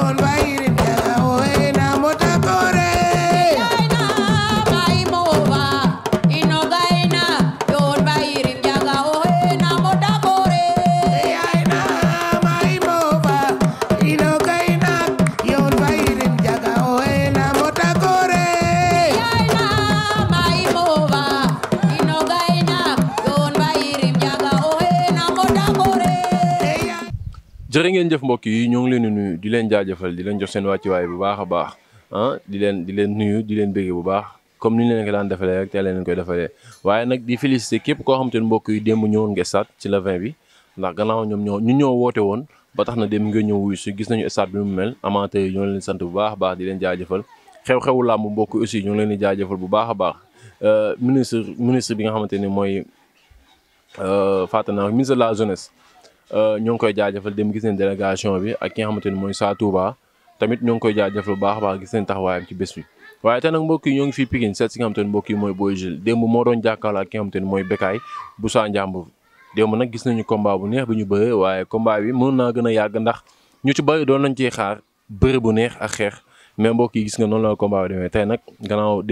on, Vairi. jërë ngeen jëf mbokk yi ñoo ngi leen di nuyu di leen jaajëfal di leen jox seen wàccuwaay bu baax a baax ah di leen di nuyu di leen bëggee bu baax comme ni leen ko daan defalee rek tey leen koy defalee waaye nag di félicité képp koo xam te mbokk yi démb ñëwoon nga stade ci la 20 bi ndax gannaaw ñoom ñoo ñu ñoo woote woon ba tax na démb nga ñëw wuyu si gis nañu stade bi mu mel amateur yi ñoo leen sant bu baax a baax di leen jaajëfal xew-xewu làmb mbokk aussi ñoo leen di jaajëfal bu baax a baax euh, ministre ministre bi nga xamante ne mooy euh, fàttali naa ministre la jeunesse Euh, ñoo ngi koy jaajëfal dem gis nañ délégation bi ak ki nga xamante ni mooy Sa Touba tamit ñoo ngi koy jaajëfal bu baax a baax gis nañ taxawaayam ci bés bi waaye te nag mbokk ñoo ngi fii Pikine seet si nga xamante ni mbokk yi mooy Boy Jules démb moo doon jàkkaarloo ak ki xamante ni mooy Bécaye bu Sa Ndiambour démb nag gis nañu combat bu neex bi ñu bëree waaye combat bi mën naa gën a yàgg ndax ñu ci bëri doon nañ ciy xaar bëri bu neex ak xeex mais mbokk yi gis nga noonu la combat bi demee tey nag gannaaw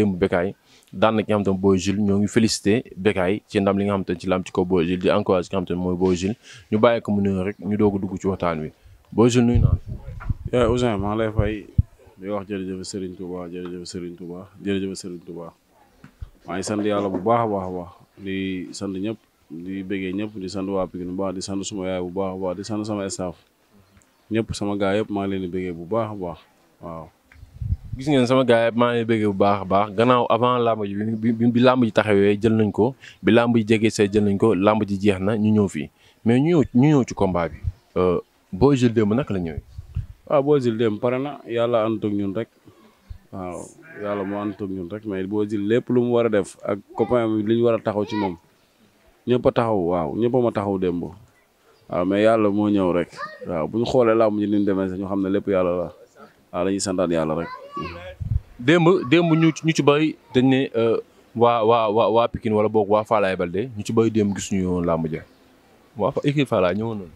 daan na ki nga xam te ne Boy Jules ñoo ngi félicité Bécaye ci ndam li nga xam te ci lam ci ko Boy Jules di encouragé ki xam te mooy Boy Jules ñu bàyyi ko mu nuyoo rek ñu doog a dugg ci waxtaan wi Boy Jules nuyu naa la. yaa eh, Ousseyn maa ngi lay fay di wax jërëjëf Serigne Touba jërëjëf Serigne Touba jërëjëf Serigne Touba maa ngi sant yàlla bu baax a baax a baax di sant ñëpp di bëggee ñëpp di sant waa Pikine bu baax di sant suma yaay bu baax a baax di sant sama staff ñëpp sama gaay yëpp maa leen di bëggee bu baax a baax waaw gis ngeen sama gars yi maa ngi bëgg bu baax a baax gannaaw avant làmb ji bi bi làmb ji taxawee jël nañ ko bi làmb ji jege see jël nañ ko làmb ji jeex na ñu ñëw fii mais ñu ñëw ñu ñëw ci kombaa bi. Euh, Boy Jules démb naka la ñëw waaw ah, Boy Jules pare na yàlla ànd ak rek waaw yàlla moo ànd ñun rek mais Boy Jules lépp lu mu war a def ak copain bi li ñu war a taxaw ci moom ñëpp taxaw waaw ñëpp a ma taxaw démb waaw mais yàlla moo ñëw rek waaw bu ñu xoolee làmb ji ni mu demee sax ñu xam ne lépp yàlla la. waaw dañuy santaat yàlla rek. démb démb ñu ñu ci bëri dañ ne euh, waa waa waa waa Pikine wala boog waa Fallaye Balde ñu ci bëri démb gis ñu woon làmb ja waa équipe Fallaye ñëwoon nañ.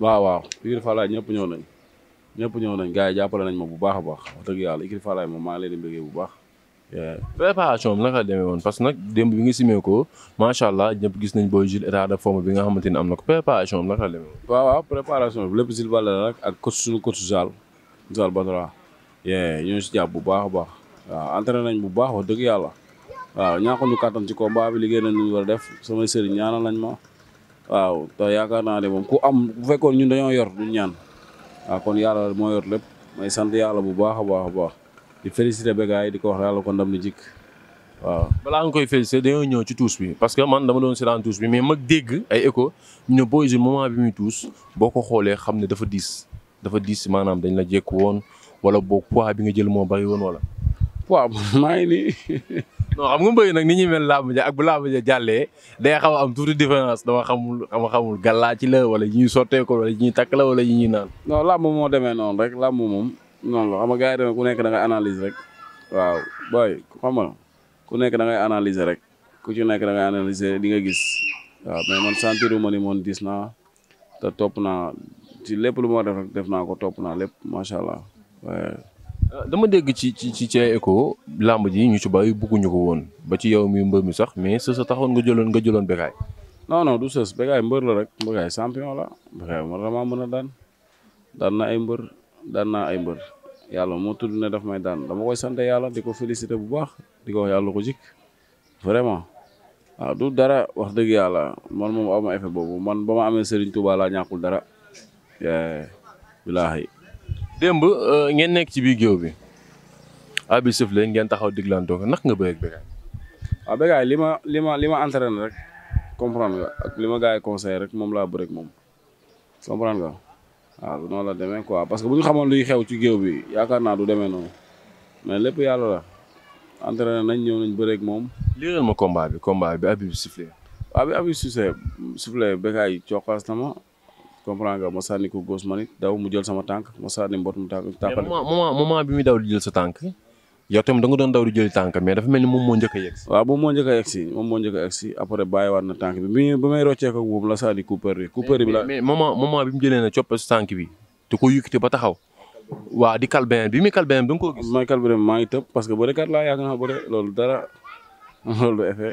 waaw waaw équipe Fallaye ñëpp ñëw nañ ñëpp ñëw nañ gars yi jàppale nañ ma bu baax a baax wax dëgg yàlla équipe Fallaye moom maa bu baax. préparation naka la woon parce que nag démb bi nga simee ko macha ñëpp gis nañ booy Jules de forme bi nga xamante ni am na ko préparation bi naka la woon. waaw waaw préparation bi lépp Jules Baldé la rek ak coach suñu coach Zal Zal Badara ñoo si jàpp bu baax a baax waaw entraîné nañ bu baax wax dëgg yàlla waaw ñaaxuñu kàttan ci combat bi liggéey nañ lu ñu war a def samay sëriñ ñaanal nañ ma waaw te yaakaar naa ne moom ku am bu fekkoon ñun dañoo yor duñ ñaan waaw kon yàlla moo yor lépp may sant yàlla bu baax a baax a baax di félicité bégaay di ko wax yàlla ko ndam ni jikk waaw balaa nga koy félicité dañoo ñëw ci tuus bi parce que man dama doon seetaan tuus bi mais mag dégg ay écho ñu ne Boy Jules boo ko xoolee xam ne dafa diis dafa diis maanaam dañ la jékku woon wala boog poids bi nga jël moo bari woon wala. poids maa ngi nii. non xam nga mbëri nag ni ñuy mel làmb ja ak bu làmb ja jàllee day xaw a am tuuti différence dama xamul dama xamul gàllaa ci la wala yi ñuy sottee ko wala yi ñuy takk la wala yi ñuy naan. moo demee noonu rek làmb moom noonu la xam nga yi demee ku nekk da ngay analyse rek waaw booy xam nga ku nekk da ngay analyser rek ku ci nekk da ngay analyser di nga gis waaw mais man sentiruma ni moom gis naa te topp ci lépp lu ma def rek def naa ko topp naa lépp macha allah. Euh, dama dégg ci ci ci ay écho làmb ji ñu ci bàyyi bugguñu ko woon ba ci yow mi mbër mi sax mais sës a taxoon nga jëloon nga jëloon Bécaye. non non du sës Bécaye mbër la rek Bécaye champion la Bécaye man damaa mën a daan daan na ay mbër daan na ay mbër yàlla moo tudd ne daf may daan dama koy sant yàlla di ko féliciter bu baax di ko yàlla ko jik vraiment waaw ah, du dara wax dëgg yàlla man moom aw ma effet boobu man ba ma amee Serigne Touba laa dara. bilaahi démb euh, ngeen nekk ci biir géew bi abi sëf ngeen taxaw diglantoo ko ndax nga bëgg ak Bécaye waaw ah, li ma li ma li ma entraîné rek comprendre nga li ma gars yi rek moom laa bëgg moom comprendre nga waaw ah, noonu la demee quoi parce que bu ñu xamoon luy xew ci géew bi yaakaar naa du demee noonu mais lépp yàlla la entraîné nañ ñëw nañ bëreeg moom. lii ma combat bi combat bi abi sifle abi abi sifle Bécaye cokkaas na comprend nga ma sànni ko góos ma daw mu jël sama tànk ma sànni mbot mu tànk. tàppale moment moment bi muy tànk. yow tamit da nga doon daw tànk mais dafa ni moom moo a a a yegg si après tànk bi mu jëlee na coppe si tànk bi te ko yëkkati ba taxaw. waa di calbin bi muy calbin bi da nga gis. may calbin maa ngi parce que bërekat laa yàgg naa bëre loolu dara loolu du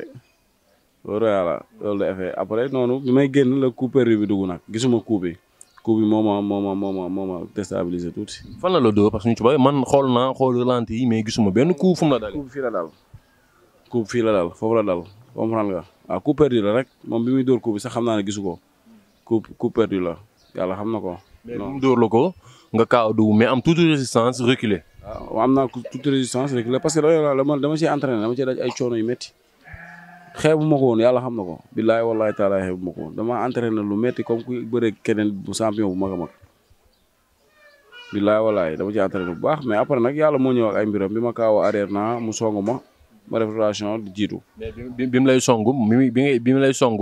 loolu yàlla loolu après noonu bi may génn la coup perdu bi dugg nag gisuma coup bi coup bi moo ma moo ma moo ma moo ma tuuti. fan la la dóor parce que man xool naa xool ralenti yi mais gisuma benn coup fu mu la dal. coup fii la dal coup la dal foofu la dal comprendre nga waaw ah, la rek moom bi muy dóor coup bi sax xam naa ne gisu ko coup coup perdu la yàlla xam na ko. mais mu dóor la ko nga kaaw dugg mais am toute résistance reculé. Ah, parce que dama dama ciy dama ciy daj ay coono yu métti. xeebu ma ko woon yàlla xam na ko billaay wallaay taalaay xeebu ma ko woon damaa entraîné lu metti comme ku bëre bu champion bu mag a mag billaay wallaay dama ci entraîné bu baax mais après nag yàlla moo ñëw ak ay mbiram bi ma kaaw arrière naa mu song ma ma def rotation di jiitu. bi mu lay song bi bi bi mu lay song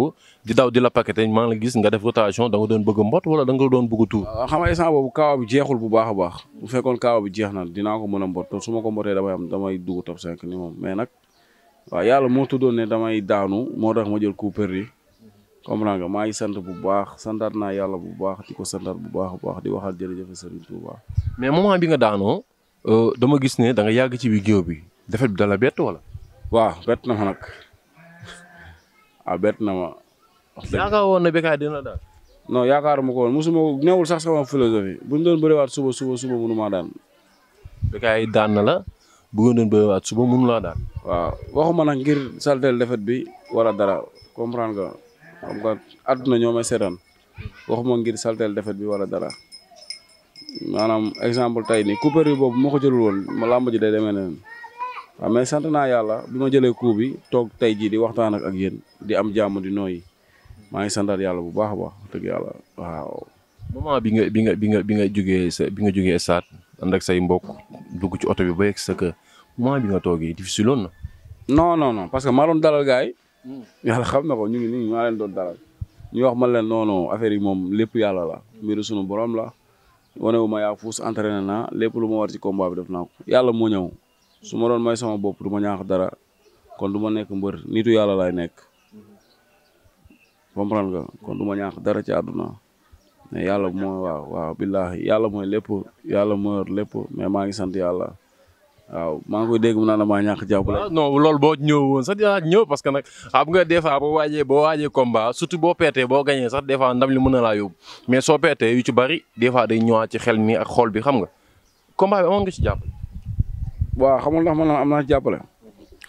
di daw di la paqueté maa ngi la gis nga def rotation da nga doon bëgg mbot wala da nga doon bëgg tuur. Ah, xam nga instant kaawa bi jeexul bu baax a baax bu fekkoon kaawa bi jeex na dinaa ko mën a mbot su ma ko mbotee damay am damay mais nag waaw yàlla moo tuddoon ne damay daanu moo tax ma jël coup perdu comprendre nga maa ngi sant bu baax santaat naa yàlla bu baax di ko santaat bu baax a baax di waxal jërëjëf Serigne Touba. mais moment bi nga daanoo euh, dama gis ne danga yàgg ci biir géew bi defet bi dala bett wala. waaw bett na ma nag ah bett na ma. wax dëgg yaakaar woon ne Bécaye dina daal. yaakaar yaakaaruma ko woon mosuma newul sax sama philosophie buñ doon bëriwaat suba suba suba mënu maa daan. bëggoon nañ bëriwaat suba mënu laa daal. waaw waxuma nag ngir saltel defet bi wala dara comprendre nga xam nga àdduna ñoo may seetaan waxuma ngir saltel defet bi wala dara maanaam exemple tey nii coupeur bi boobu moo ko jëlul woon ma làmb ji day demee neneen waaw mais sant naa yàlla bi ma jëlee coup bi toog tey jii di waxtaan ak ak yéen di am jàmm di nooy maa ngi santaat yàlla bu baax a baax dëgg yàlla waaw. moment bi nga bi nga bi nga jógee sa bi nga jógee stade ànd ak say mbokk. dugg ci oto bi ba yegg sa kër moment bi nga toogee difficile woon na. non non parce que maa doon dalal gars hmm. yàlla xam na ko ñu ngi nii maa leen doon dalal. ñu wax ma leen non non affaire yi moom lépp yàlla la. mbiru sunu borom la. wane wu ma yaa fuus entraîné naa lépp lu ma war ci combat bi def ko yàlla moo ñëw. su ma doon may sama bopp du ma ñaax dara kon du ma nekk mbër nitu yàlla laay nekk. Hmm. comprendre nga kon du ma ñaax dara ci àdduna mais yàlla moo waaw waaw yàlla mooy lépp yàlla moo lépp mais maa ngi sant yàlla waaw maa ngi koy dégg mu naan maa ñàkk jàppale. Ah, non loolu boo ñëw woon sax ñëw parce que nag xam nga des fois boo waajee boo waajee combat surtout boo peetee boo gañee sax des fois ndam li mën na laa yóbbu mais soo peetee yu bari des fois day ñëwaat ci xel mi ak xool bi xam nga combat bi nga ci jàppale. waaw xamul ndax man am naa jàppale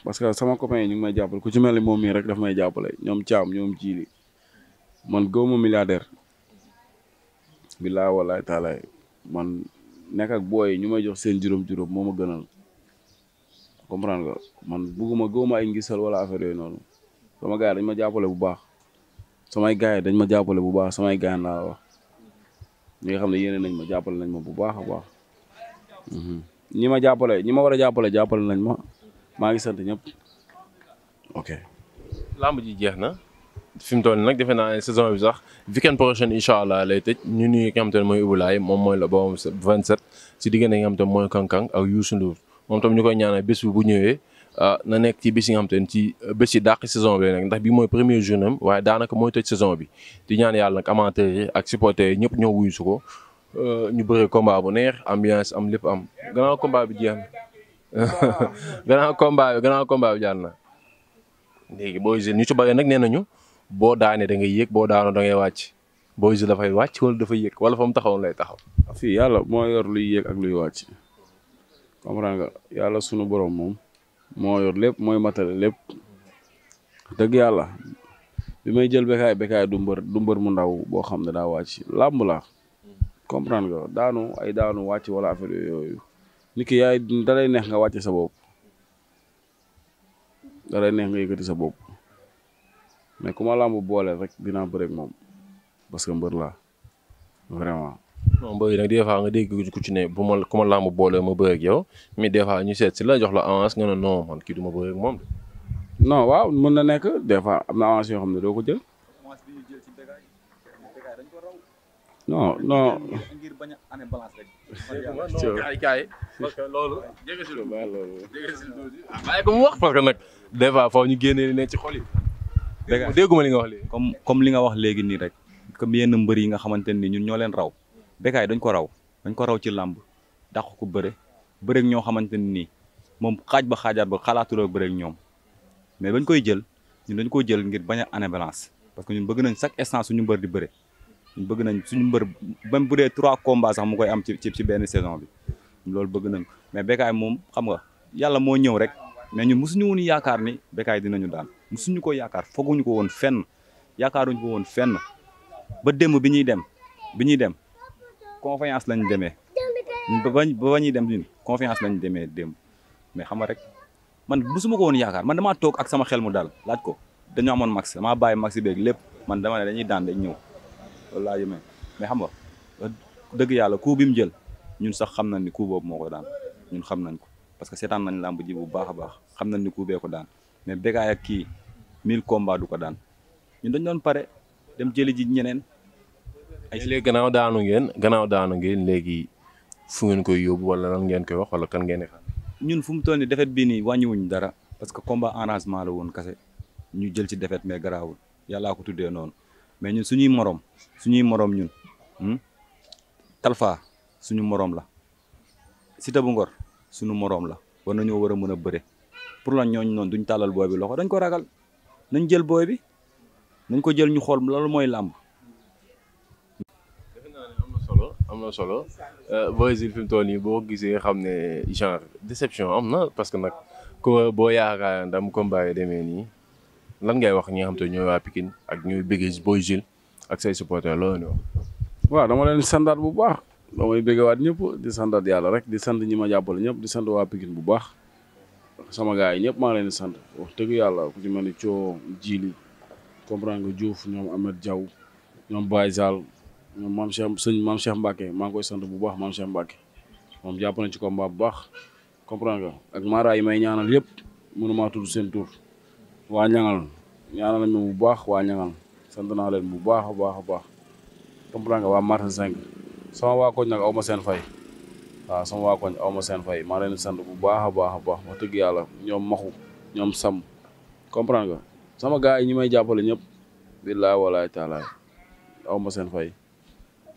parce que sama copain yi ñu ngi may jàppale ku ci mel ni moom mii rek daf may jàppale ñoom caam ñoom jiili man góob ma milliardaire bilaa walaay taalaay man nekk ak booy ñu may jox seen juróom-juróom moo ma gënal comprendre nga man bugguma gëwuma ay ngisal wala affaire yooyu noonu sama gars dañ ma jàppale bu baax samay gars yi dañ ma jàppale bu baax samay gars laa wax ñi nga xam ne yéene nañ ma jàppale nañ ma bu baax a baax mhm. ñi ma jàppale ñi ma war a jàppale jàppale nañ ma maa ngi sant ñëpp ok. làmb ji jeex na. fi mu toll nii nag defe naa ne saison bi sax weekend prochain incha allah lay tëj ñu nuyu nga xam te ne mooy Ibulaay moom mooy la boobam 27 si diggante nga xam te ne mooy Kankang ak Youssou Ndour moom tam ñu koy ñaanal bés bu ñëwee ah, na nekk ci bés yi nga xam te ne ci bés yi dàq saison bi nag ndax bi mooy premier journée am waaye daanaka mooy bi di ñaan yàlla nag ak supporters ñëpp ñoo wuyu su ko ah, ñu bëree combat bu neex ambiance am lépp am gannaaw combat bi jeex na gannaaw combat bi gannaaw combat bi jàll na léegi booy jeunes ñu ci bëri nag nañu boo daanee da ngay yéeg boo daanoo da wàcc Boy Jules dafay wàcc wala dafay wala fa mu taxawoon lay taxaw. fii yàlla moo yor luy yéeg ak luy wàcc comprendre nga yàlla sunu boroom moom moo yor lépp mooy matale lépp dëgg yàlla bi may jël bekaay bekaay du mbër mu ndaw boo xam ne daa wàcc làmb la comprendre nga daanu ay daanu wàcc wala affaire yooyu nit ki yaay da neex nga wàcc sa bopp da lay neex nga yëkkati sa bopp. mais ku ma làmb boole rek dinaa bëre ak moom parce que mbër laa vraiment. non mbër yi nag des nga dégg ku ci ne bu ma ku ma boole ma bëre ak yow mais des fois ñu seet si la jox la avance nga ne non man kii du ma bëre ak moom. non waaw mën na nekk des fois am na avance yoo xam ne doo ko jël. non non. des fois foofu ñu génnee ne ci xol yi. dégguma li nga wax léegi comme comme li nga wax léegi nii rek comme yenn mbër yi nga xamante ni ñun ñoo leen raw Bécaye dañ ko raw dañ ko raw ci làmb dàq ko bëre bëreeg ñoo xamante ni nii moom xaaj ba xaajaat ba xalaatuloo bëreeg ñoom mais bañ koy jël ñun dañ ko jël ngir bañ a année balance parce que ñun bëgg nañ chaque instant suñu mbër di bëre ñun bëgg nañ suñu mbër même bu dee trois combats sax mu koy am ci ci benn saison bi loolu bëgg nañ ko mais Bécaye moom xam nga yàlla moo ñëw rek mais ñun mosuñu woon yaakaar ni dina ñu daan musuñu ko yaakaar fooguñu ko woon fenn yaakaaruñu ko woon fenn ba démb bi ñuy dem bi ñuy dem confiance lañ demee ba ba ñuy dem ñun confiance lañ demee démb mais xam na rek man suma ko woon yaakaar man damaa toog ak sama xel mu daal laaj ko dañoo amoon max damaa baay max beeg lépp man dama ne dañuy daan dañ ñëw loolu laa mais xam nga dëgg yàlla coup bi mu jël ñun sax xam nañ ni coup boobu moo ko daan ñun xam nañ ko parce que seetaan nañ làmb ji bu baax a baax xam nañ ni coup bee ko daan mais Bécaye ak kii mille combat du ko daan ñun dañ doon pare dem jëli ji ñeneen. ay léegi gannaaw daanu ngeen gannaaw daanu ngeen léegi fu ngeen koy yóbbu wala lan ngeen koy wax wala kan ngeen di xam. ñun fu mu toll ni defet bii nii wàññiwuñ dara parce que combat arrangement la woon kase ñu jël ci defet mais garaawul yàllaa ko tuddee noonu mais ñun suñuy morom suñuy moroom ñun hmm? talfa suñu moroom la Siteu bu Ngor suñu morom la war nañoo war a mën a bëre pour lan ñooñu noonu nañ jël booy bi nañ ko jël ñu xool loolu mooy làmb. defe naa ne am na solo am na solo euh, Boy Jules fi mu toll nii boo gisee xam ne genre déception am na parce que nag ko boo yaakaar ndam combat yi demee nii lan ngay wax ñi xam te ñooy waa Pikine ak ñooy bëggee Boy Jules ak say supporters loolu ñu wax. waaw dama leen sandaat bu baax damay waat ñëpp di sandaat yàlla rek di sant ñi ma jàppale ñëpp di sant waa Pikine bu baax. sama gars yi ñëpp maa leen di sant wax dëgg yàlla ku ci mel ni coo jiili comprendre nga Diouf ñoom Ahmed Diaw ñoom Baye Sall maam Cheikh sëñ maam Cheikh maa ngi koy sant bu baax maam Cheikh Mbacke moom jàpp na ci combat bu baax comprendre nga ak mara yi may ñaanal yëpp mënumaa tudd seen tur waa ñangal ñaanal nañ bu baax waa ñangal sant naa leen bu baax a baax a baax comprendre nga waa Martin 5 sama waa fay waaw sama waa koñ aw ma seen fay maa leen sant bu baax a baax a baax wax dëgg yàlla ñoom maxu ñoom sam comprendre nga sama gars yi ñi may jàppale ñëpp billaay walaay taalaay aw ma seen fay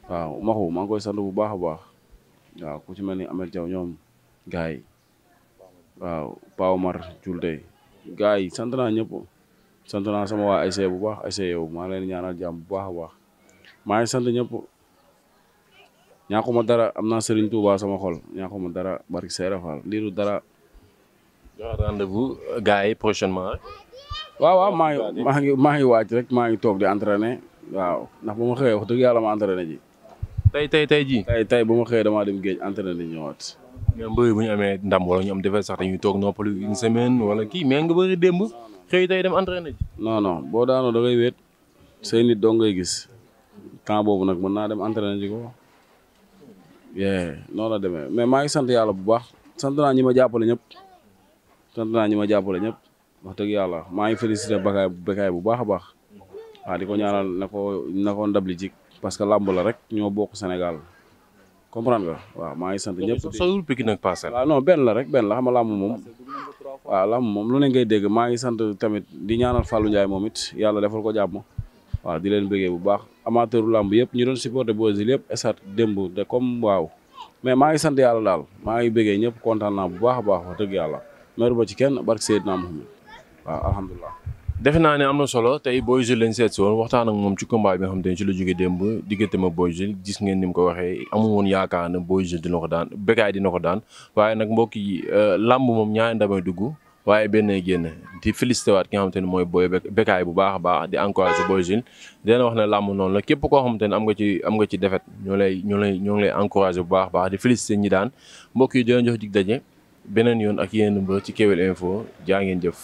waaw maxu maa ngi koy sant bu baax a baax waaw ku ci mel ni Amel Diaw ñoom gars yi waaw Pao Mar Julde yi sant naa ñëpp sant naa sama waa ASC bu baax ASC yow maa leen ñaanal jàmm bu baax a baax maa sant ñëpp. ñaaxuma dara am naa Serigne Touba sama xol ñaaxuma dara barki Seera Fall liiru dara. waaw rendez-vous yi prochainement. waaw waaw maa ngi maa ngi maa ngi waaj rek maa ngi toog di entraîner waaw ndax bu ma xëyee wax dëgg yàlla ma entraîner ji. tey tey tey jii. tey tey bu ma xëyee damaa dem géej entraîner ñëwaat. mais mbëri bu ñu amee ndam wala ñu am defee sax dañuy toog noppalu une semaine wala kii mais nga bëri démb xëy tey dem entraîner ji. non non boo daanoo da ngay wéet say nit doo ngay gis temps boobu nag mën naa dem entraîner ji ko. yee la demee mais maa ngi sant yàlla bu baax sant naa ñi ma jàppale ñëpp sant naa ñi ma jàppale ñëpp wax dëgg yàlla maa ngi félicité bakaay bakaay bu baax a baax waaw di ko ñaanal na ko na ko ndab li jik parce que làmb la rek ñoo bokk Sénégal comprendre nga waaw maa ngi sant ñëpp. soriwul Pikine nag passé waaw non benn la rek benn la xam a làmb moom moom lu ne ngay dégg maa ngi sant tamit di ñaanal fallu Ndiaye moom it yàlla defal ko jàmm. waaw di leen bëggee bu baax amateur làmb yëpp ñu doon supporter Boy Jules yëpp esat démb de comme waaw mais maa ngi sant yàlla daal maa ngi bëggee ñëpp kontaan naa bu baax a baax wax dëgg yàlla meru ba ci kenn seet Seydina Muhammad waaw alhamdulilah defe naa ne am na solo tey Boy Jules lañ seet si woon waxtaan ak moom ci combat bi nga xam te ne ci la jógee démb diggante ma Boy Jules gis ngeen ni mu ko waxee amul woon yaakaar ne Boy Jules dina ko daan Bécaye dina ko daan waaye nag mbokk yi euh, làmb moom ñaari ndamay dugg waaye benn génn di félicité waat ki nga xamante ne mooy booy bekkaay bu baax a baax di encouragé booy Jules di leen wax ne làmb noonu la képp koo xamante ne am nga ci am nga ci defet ñoo lay ñoo lay ñoo lay encouragé bu baax baax di félicité ñi daan mbokk yi di leen jox dig daje beneen yoon ak yeneen mbër ci Kewel Info jaa ngeen jëf